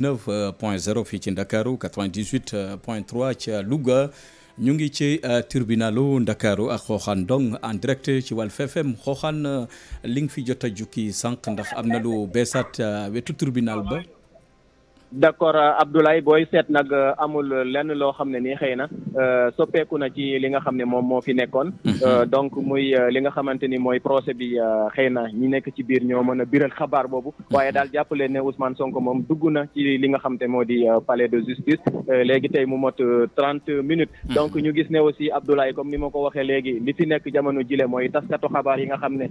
99 euh, point 0 fii ci Ndakaaru 98 euh, point 3 ca Louga ñu ngi ci euh, tribunalu Ndakaaru ak xooxaan dong en direct ci Walf FM xooxaan li nga fi jot a jukki sànq ndax am na lu beesaat wetu tribunal ba d'accord euh, Abdoulaye booy seet nag euh, amul euh, lenn loo xam ne nii xëy na soppeeku na ci li nga xam ne moom moo fi nekkoon. Mhm. donc muy li nga xamante ni mooy procès bi xëy na ñi nekk ci biir ñoo mën a biral xabaar boobu. Mhm. waaye daal jàppale ne Ousmane Sonko moom dugg na ci li nga xam te moo di palais de justice léegi tey mu mot trente minutes. Mhm. donc ñu gis ne aussi Abdoulaye comme ni ma ko waxee léegi li fi nekk jamono jile mooy taskatu xabaar yi nga xam ne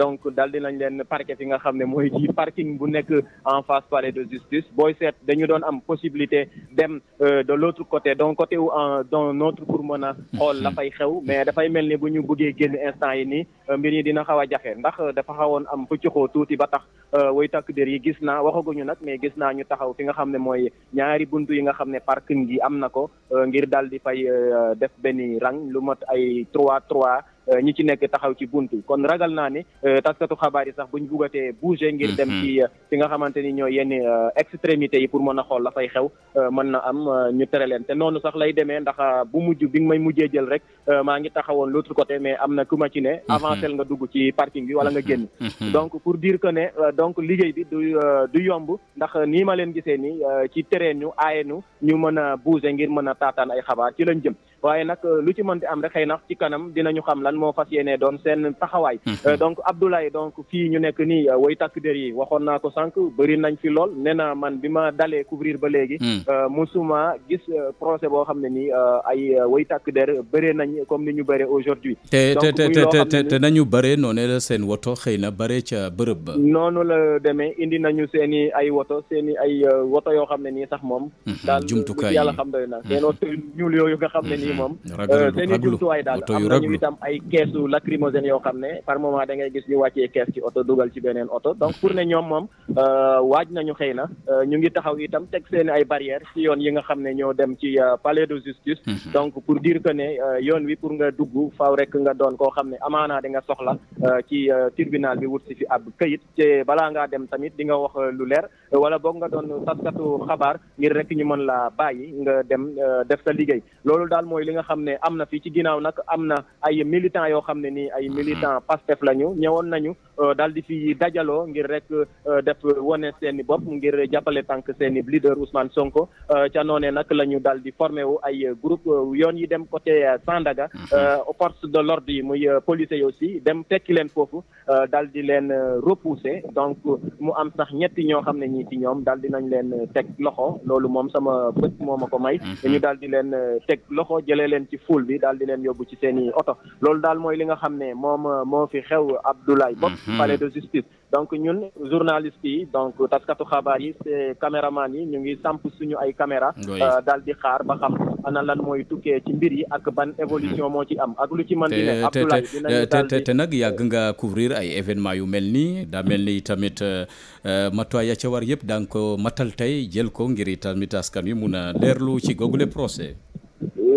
donc daal dinañ leen parquet fi nga xam ne mooy ci parking bu nekk en face palais de justice booy seet dañu doon am possibilité dem euh, de l'autre côté donc côté ou en dans notre pour mën a xool la fay xew mais dafay mel ni bu ñu bëggee génn instant yi nii euh, mbir yi dina xaw a jafe ndax euh, dafa xawoon am pëccëxoo tuuti ba tax way takk der yi gis naa waxaguñu nag mais gis naa ñu taxaw fi nga xam ne mooy ñaari bunt yi nga xam ne parking gi am na ko ngir daal di fay def benn rang lu mot ay trois trois Euh, ñi ci nekk taxaw ci buntu kon ragal naa ni euh, taskatu xabaar yi sax buñ buggatee bouger ngir dem mhm. ci euh, fi nga xamante ni ñoo yenn extrémité yi pour mën a xool la fay xew mën na am ñu tere leen te noonu sax lay demee ndax bu mujj bi nga may mujjee jël rek maa ngi taxawoon l'autre côté mais am na ku ma ci ne mhm. avancel nga dugg ci parking bi wala nga génn mhm. donc pour dire que ne donc liggéey bi du du yomb ndax nii ma leen gisee ni ci teree ñu aaye ñu mën a bouger ngir mën a taataan ay xabaar ci lañ jëm waaye nag euh, lu ci mënti am rek xëy na ci kanam dinañu xam lan moo fas yéenee doon seen taxawaay hmm. euh, donc yi donc fii ñu nekk nii euh, woy takk der yi waxoon naa ko sànq bëri nañ fi lool nee na man bi ma dalee couvrir ba léegi hmm. musuma gis procès boo xam ne nii ay woy takk der bëree nañ comme ni ñu bëree aujourd'hui te te te nañu bëree noonu la seen woto xëy na bëree ca bërëb ba noonu la demee indi nañu seen i ay woto seen i ay woto yoo xam ne nii sax moom hmm, daal jumtukaay yàlla xam Hmm, moom euh, seeni jumtuwaay daal am nañu itam ay keesu lacrymogène yoo xam ne par moment da ngay gis ñu wàccee kees ci oto dugal ci beneen oto donc pour ne ñoom moom euh, waaj nañu xëy na euh, ñu ngi taxaw itam teg seen ay barrières ci yoon yi nga xam ne ñoo dem ci palais de justice hmm, hmm. donc pour diir que ne yoon wi pour nga dugg faw rek nga doon koo xam ne amaanaa di nga soxla ci tribunal bi wut si fi ab këyit te balaa ngaa dem tamit di nga wax lu leer wala boog nga doon taskatu xabaar ngir rek ñu mën la bàyyi nga dem def sa liggéey mooy li nga xam ne am na fii ci ginnaaw nag am na ay militants yoo xam ne nii ay militants Pastef lañu ñëwoon nañu Euh, daal di fi dajaloo ngir rek euh, def wane seen bopp ngir jàppale tànk seeni i leader Sonko euh, ca noonee nag la ñu daal di formé wu ay groupe yoon yi dem côté Sandaga mhm. force de l'ordre yi muy policiers yi aussi dem tekki leen foofu daal di leen repousser donc mu am sax ñetti ñoo xam ne ñii ci ñoom daal di nañ leen teg loxo loolu moom sama bët moom ma ko may mhm. ñu daal di leen teg loxo jëlee leen ci foule bi daal di leen yóbbu ci seen i oto loolu daal mooy li nga xam ne moom moo fi xew Abdoulaye Bob Hmm. palais de justice donc ñun journaliste yi donc taskatu xabaar yi c'est caméraman yi ñu ngi samp suñu ay caméra euh, daal di xaar ba xam ana lan mooy tukkee ci mbir yi ak ban évolution hmm. moo ci am ak lu ci mën di ne nag yàgg nga couvrir ay événement yu mel nii daa mel ni tamit euh, euh, matuwaay ya ca war yëpp daa nga ko matal tey jël ko ngir tamit askan wi mun a leerlu ci googule procès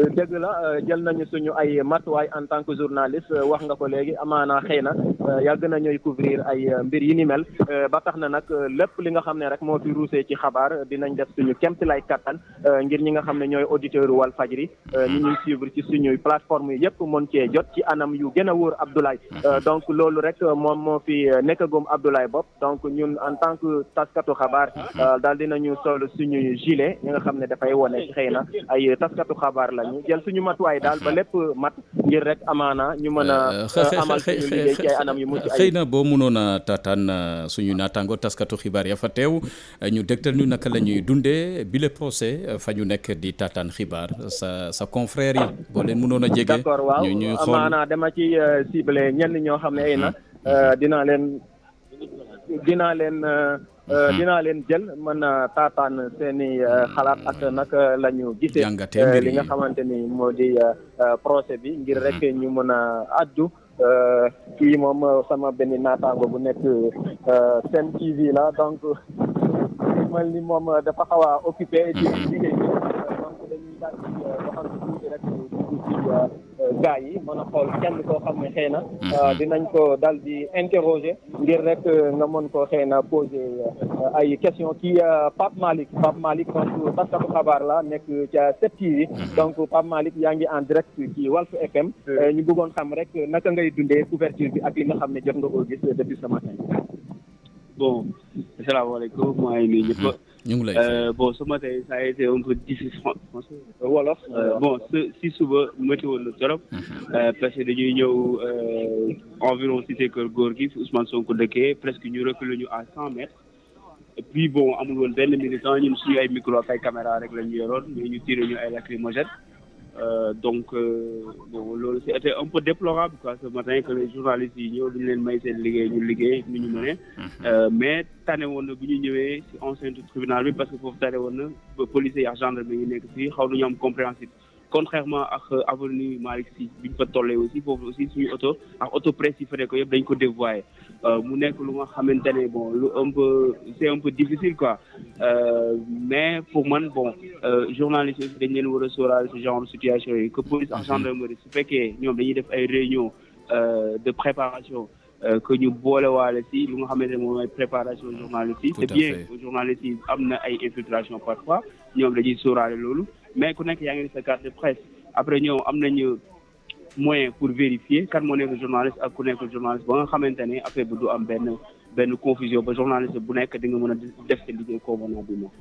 dëgg la euh, jël nañu suñu ay matuwaay en tant que journaliste euh, wax nga ko léegi amaana xëy na euh, yàgg nañuy couvrir ay mbir yi ni mel ba tax na nag lépp li nga xam ne rek moo fi ruusee ci xabaar dinañ def suñu kemt lay kattan ngir ñi nga xam ne ñooy auditeurs Walfadjri ñi ñuy suivre ci suñuy plateforme yi yëpp mën cee jot ci anam yu gën a wóor Abdoulaye mm-hmm. donc loolu rek moom moo fi nekkagum Abdoulaye Bopp donc ñun en tant que taskatu xabaar daal dinañu sol suñuy gilet ñi nga xam ne dafay wone xëy na ay xabaar la ñu jël suñu matuwaay daal ba lépp mat ngir rek amaana ñu mën a euh, euh, euh, amal suñu liggéey ci ay anam yu mucc ay xëy na boo mënoon a taataan suñu naataango taskatu xibaar ya fa teew ñu dégtal ñu naka lañuy dundee bile le procès fa ñu nekk di taataan xibaar sa sa confrère yi boo leen mënoon a jege d'accord waaw xool ñoo xam mm-hmm. dinaa leen dinaa leen Euh, mhm. dinaa leen jël mën a taataan seen i euh, mhm. xalaat ak naka lañu ñu gisee euh, li nga xamante ni moo di procès bi ngir mhm. rek ñu mën a addu kii moom sama benn naataango bu nekk Sen TV la donc mel ni moom dafa xaw a occupé ci liggéey bi donc dañuy daal di waxal gaa yi mën a xool kenn ko xam ne xëy na mm-hmm. euh, dinañ ko dal di interroger ngir rek euh, nga mën ko xëy na poser euh, ay question ci Pape Malick Pape Malick donc taskatu xabaar la nekk ca 7TV mm-hmm. donc Pape Malick yaa ngi en direct ci Walf FM ñu bëggoon xam rek naka ngay dundee couverture bi ak li nga xam ne jot nga koo gis depuis ce matin bon asalaamaaleykum maa ngi nuyu ñëpp ñu ngi lay euh, bon ce matin ça a été un peu difficile français euh, wolof euh, bon si suba météo la trop mhm. parce que dañuy ñëw environ cité Kër Góor gi fi Ousmane Sonko presque ñu reculer ñu à cent mètres et puis bon amul woon benn militant ñun suñu ay micro ak ay caméra rek la ñu yoroon mais ñu tiré ñu ay lacrymogène Euh, donc euh, bon loolu c'était un peu déplorable quoi ce matin que les yi ñëw duñu leen may seen liggéey ñu liggéey ni ñu mënee mhm. euh, mais tane woon na bu ñu ñëwee ci enceinte tribunal bi parce que foofu tane woon na policiers yi ak gendarme yi nekk fii xaw nañu am compréhension contrairement ak euh, avenue Malick Sy bi ñu fa tollee aussi foofu aussi suñu oto ak oto presse yi fa yëpp dañ ko dévoyé euh, mu nekk lu nga xamante ne bon lu un peu c' est un peu difficile quoi euh, mais pour man bon journaliste aussi dañ leen war a sóoraale ce genre de situation yi que police ak mhm. gendarmerie su fekkee ñoom dañuy def ay réunion de préparation que ñu boole waale si lu nga xamante ne moom mooy préparation journaliste yi c'est bien journaliste yi am na ay infiltration parfois ñoom dañuy sóoraale loolu mais ku nekk yaa ngi sa carte de presse après ñoom am nañu moyen pour vérifier kat moo nekk journaliste ak ku nekk journaliste ba nga xamante ne affaire bi du am benn benn confusion ba journaliste bu nekk di nga mën a def sa liggéey convenablement.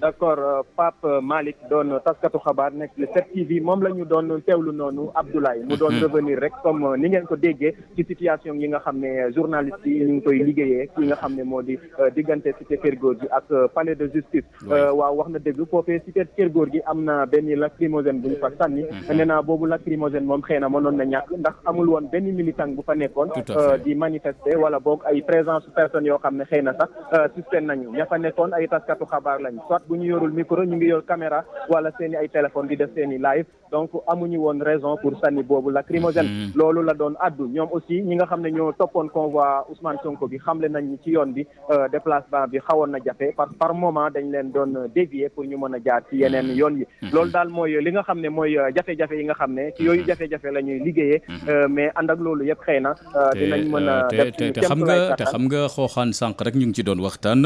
d' accord Pape Malick doon taskatu xabaar nekk le tv moom la ñu doon teewlu noonu Abdoulaye. mu doon mhm. revenir rek comme euh, ni ngeen ko déggee ci situation yi nga xam ne euh, journaliste yi ñu ngi koy liggéeyee ki nga xam ne moo di euh, diggante cité Kër Gorgui ak palais de justice. waaw wax na dëgg foofee cité Kër Gorgui am na benn lacrymogène bu ñu fa sànni. Mhm. nee naa boobu lacrymogène moom xëy na mënoon na ñàkk ndax amul woon benn militant fa nekkoon. su personnes yoo xam ne xëy na sax euh, suspend nañu ña fa nekkoon ay taskatu xabaar lañ soit bu ñu yorul micro ñu ngi yor caméra wala seen ay téléphone di def seen i live donc amuñu woon raison pour sànni boobu lacrymogène mm-hmm. loolu la doon addu ñoom aussi ñi nga xam ne ñoo toppoon convoi Ousmane Sonko bi xamle nañ ci yoon bi euh, déplacement bi xawoon na jafe par par moment dañ leen doon euh, dévier pour ñu mën a jaar ci yeneen mm-hmm. yoon yi mm-hmm. loolu daal mooy euh, li nga xam ne mooy jafe-jafe yi nga xam ne yooyu jafe-jafe la ñuy liggéeyee mais ànd ak loolu yëpp xëy na dinañ mën a te xam nga te xam nga xooxaan sànq rek ñu ngi ci doon waxtaan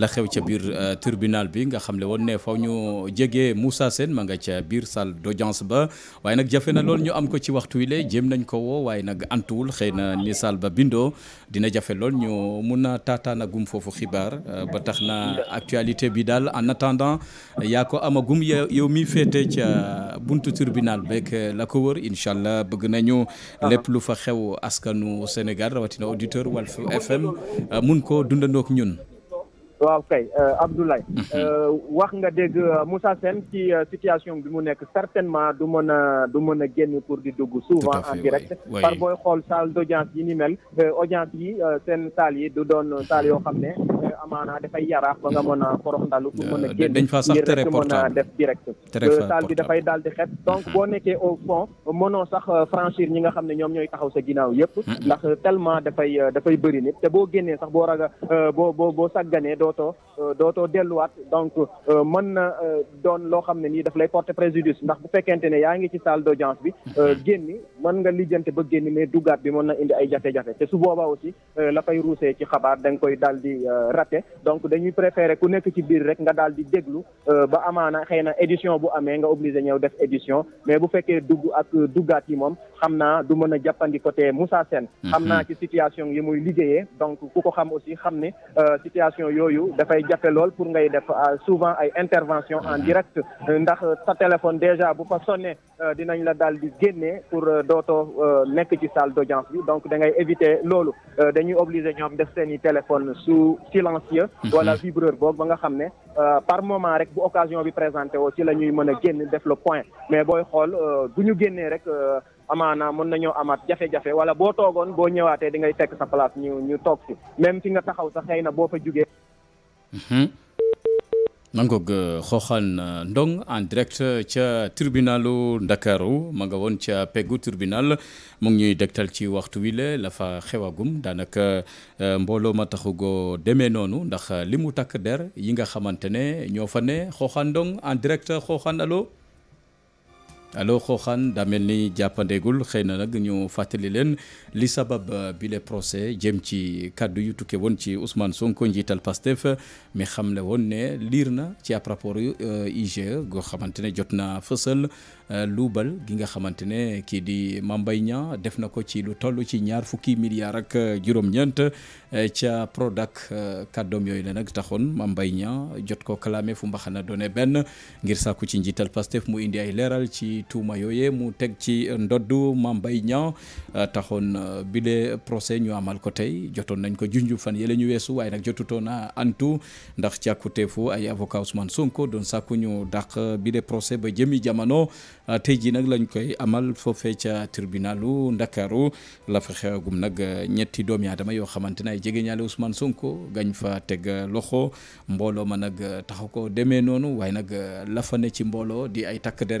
la xew ca biir tribunal bi nga xam ne woon ne faw ñu jegee Moussa Sène ma nga ca biir salle d'audience ba waaye nag jafe na lool ñu am ko ci waxtu wi lee jéem nañ ko woo waaye nag antuwul xëy na ni ba bindoo dina jafe lool ñu mun a taataan agum foofu xibaar euh, ba tax na actualité bi daal en attendant yaa ko amagum yow mi féete ca buntu tribunal beeg euh, la ko wër incha allah bëgg nañu lépp lu fa xew askanu Sénégal rawatina auditeur Walf FM euh, mun ko dundandook ñun. waaw kay euh, Abdoulaye. Mhm. Euh, wax nga dégg euh, Moussa seen ci situation bi mu nekk certainement du mën a du mën a génn pour di dugg souvent en direct par booy xool salle d' yi ni mel audience yi seen salle yi du doon salle yoo xam ne amaanaa dafay yaraax ba nga mën a porox ndalu pour mën a génn dañ fa sax tere portable def direct taal bi dafay daal xet donc mm-hmm. boo nekkee au fond mënoo sax euh, franchir ñi nga xam ne ñoom ñooy taxaw sa ginnaaw yëpp mm-hmm. ndax euh, tellement dafay euh, dafay bëri nit te boo génnee sax boo raga boo boo boo sàgganee dootoo dootoo delluwaat donc mën na doon loo xam ne nii daf lay porter préjudice ndax bu fekkente ne yaa ngi ci salle d'audience bi mm-hmm. génni mën nga lijjante ba génni mais duggaat bi mën na indi ay jafe-jafe te su boobaa aussi da nga koy daal jàppale donc dañuy préférer ku nekk ci biir rek nga daal di déglu euh, ba amaana xëy na édition bu amee nga obligé ñëw def édition mais bu fekkee dugg ak duggaat yi moom xam naa du mën a jàppandi côté Moussa Sène mhm. xam naa ci situation yi muy liggéeyee donc ku ko xam aussi xam ni euh, situation yooyu dafay jafe lool pour ngay def euh, souvent ay intervention en direct ndax sa téléphone déjà bu fa sonné dinañ la daal di génnee pour dootoo nekk ci salle d'audience bi donc da ngay éviter loolu dañuy obligé ñoom def téléphone conscient mhm. wala vibreur boog ba nga xam ne euh, par moment rek bu occasion bi présenté woo ci la ñuy mën a génn def le point mais booy xool du euh, ñu génnee rek euh, amaana mën nañoo amaat jafe-jafe wala boo toogoon boo ñëwaatee di ngay fekk sa place ñu ñu toog si même fi nga taxaw sax xëy na boo fa jugee mhm. mangoog ngoog euh, xooxaan euh, ndong en direct ca tribunalu ndakaaru ma nga woon ca peggu tribunal mu ngi ñuy dégtal ci waxtu wi la la fa xewagum daanaka euh, mbooloo ma taxugoo demee noonu ndax li mu takk der yi nga xamante ne ñoo fa ne xooxaan ndong en direct xooxaan allo allo xooxaan daa mel ni jàppandeegul xëy na nag ñu fàttali leen li sabab bile procès jëm ci kàddu yu tukke woon ci Ousmane Sonko njiital Pastef mi xam le woon ne liir na ci ab rapport euh, IGE goo xamante ne jot na fësal euh, luubal gi nga xamante ne kii di Mame Mbaye Niang def na ko ci lu toll ci ñaar fukki milliards ak euh, juróom-ñeent ca Prodac kàddoom yooyu la nag taxoon Mame Mbaye Niang jot ko clamé fu mbaxana doone benn ngir sàkku ci njiital Pastef mu indi ay ci tuuma yooye mu teg ci ndoddu Mame Mbaye Niang euh, taxoon euh, bile procès ñu amal ko tey jotoon nañ ko junj fan yële ñu weesu waaye nag jotutoon na antu ndax càkkuteefu ay avocat Ousmane Sonko doon sàkku ñu dàq euh, bile procès ba jëmi jamono tey ji nag lañ koy amal foofee ca tribunalu Ndakaaru la fa xewagum nag ñetti doom aadama yoo xamante ne ay jegeñaale Ousmane Sonko gañ fa teg loxo mbooloo nag taxaw ko demee noonu waaye nag la ne ci mbooloo di ay takk der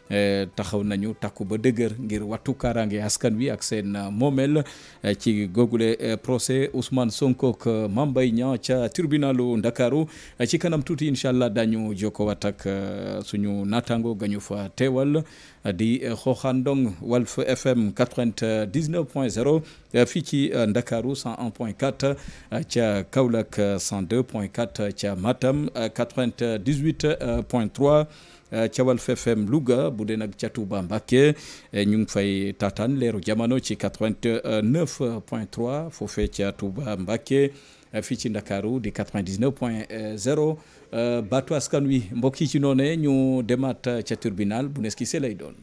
Eh, taxaw nañu takku ba dëgër ngir wattu kaaraange askan wi ak seen eh, moomeel eh, ci googule procès Ousmane Sonko ak Mame Mbaye ca tribunalu Ndakaaru ci kanam tuuti incha allah dañu jokkowaat ak suñu naataango gañu fa teewal di xooxandong Walf FM 99 point 0 fii ci Ndakaaru 101 point ca Kaolack 102 point 4 ca Matam 98 point ca Walf FM Louga bu nag ca Touba Mbacké eh, ñu ngi fay taataan leeru jamono ci 89 point 3 foofee ca Touba Mbacké eh, fii ci Ndakaaru di 99 point 0 eh, baatu askan wi mbokk yi ci noonee ñu demaat ca tribunal bu neski see lay doon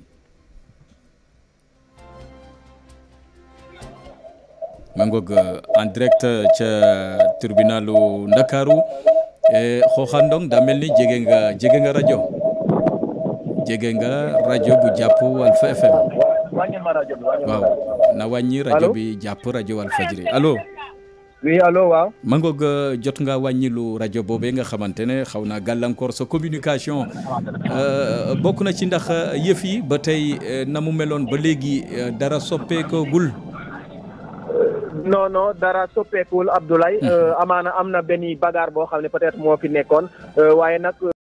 mangoog en direct ca tribunalu Ndakaaru xooxandong daa mel ni jege nga nga rajo jege nga rajo bu jàpp Walf FM waaw na wàññi rajo bi jàpp rajo Walfadjri allo oui allo waaw ma ngoog euh, jot nga wàññilu rajo boobee nga xamante ne xaw naa gàllankoor sa communication euh, bokk na ci ndax euh, yëf yi ba tey na mu meloon ba léegi dara soppeekagul non no dara soppeekuwul Abdoulaye amaana am na benn bagaar boo xam ne peut moo fi nekkoon waaye nag